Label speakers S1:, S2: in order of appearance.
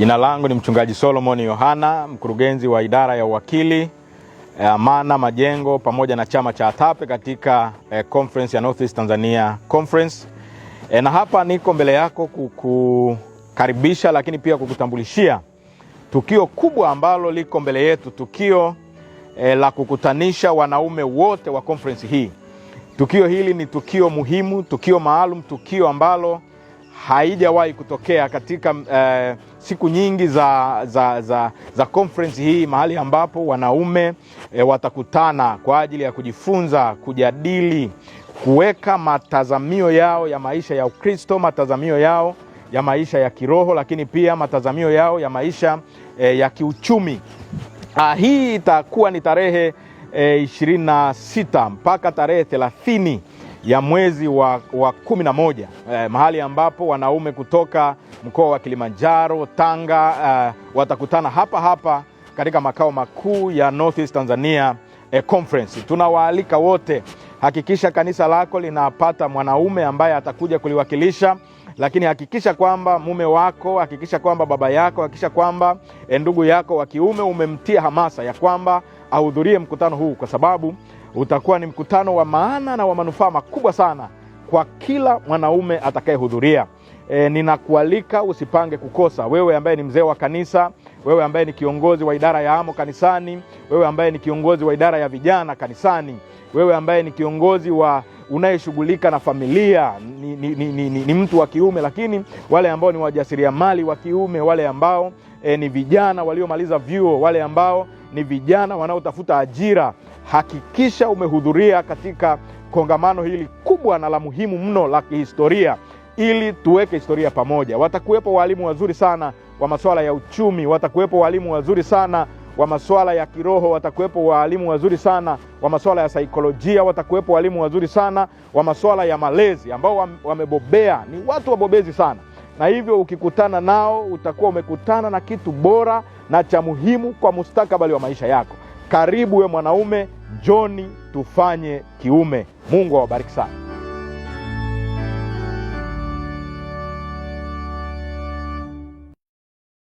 S1: Jina langu ni mchungaji Solomon Yohana, mkurugenzi wa idara ya uwakili eh, amana majengo pamoja na chama cha ATAPE katika eh, conference ya Northeast Tanzania Conference. E, na hapa niko mbele yako kukukaribisha, lakini pia kukutambulishia tukio kubwa ambalo liko mbele yetu, tukio eh, la kukutanisha wanaume wote wa conference hii. Tukio hili ni tukio muhimu, tukio maalum, tukio ambalo haijawahi kutokea katika eh, siku nyingi za, za, za, za conference hii, mahali ambapo wanaume e, watakutana kwa ajili ya kujifunza, kujadili, kuweka matazamio yao ya maisha ya Ukristo, matazamio yao ya maisha ya kiroho, lakini pia matazamio yao ya maisha e, ya kiuchumi. Ah, hii itakuwa ni tarehe e, eh, 26 mpaka tarehe 30 ya mwezi wa, wa kumi na moja eh, mahali ambapo wanaume kutoka mkoa wa Kilimanjaro, Tanga eh, watakutana hapa hapa katika makao makuu ya Northeast Tanzania eh, Conference. Tunawaalika wote, hakikisha kanisa lako linapata mwanaume ambaye atakuja kuliwakilisha lakini hakikisha kwamba mume wako, hakikisha kwamba baba yako, hakikisha kwamba eh, ndugu yako wa kiume umemtia hamasa ya kwamba ahudhurie mkutano huu, kwa sababu Utakuwa ni mkutano wa maana na wa manufaa makubwa sana kwa kila mwanaume atakayehudhuria. E, ninakualika usipange kukosa. Wewe ambaye ni mzee wa kanisa, wewe ambaye ni kiongozi wa idara ya amo kanisani, wewe ambaye ni kiongozi wa idara ya vijana kanisani, wewe ambaye ni kiongozi wa unayeshughulika na familia ni, ni, ni, ni, ni, ni mtu wa kiume, lakini wale ambao ni wajasiriamali wa kiume, wale ambao e, ni vijana waliomaliza vyuo, wale ambao ni vijana wanaotafuta ajira hakikisha umehudhuria katika kongamano hili kubwa na la muhimu mno la kihistoria ili tuweke historia pamoja. Watakuwepo walimu wazuri sana wa masuala ya uchumi, watakuwepo walimu wazuri sana wa masuala ya kiroho, watakuwepo walimu wazuri sana wa masuala ya saikolojia, watakuwepo walimu wazuri sana wa masuala ya malezi ambao wamebobea, ni watu wabobezi sana, na hivyo ukikutana nao utakuwa umekutana na kitu bora na cha muhimu kwa mustakabali wa maisha yako. Karibu we mwanaume njoni tufanye kiume. Mungu awabariki sana.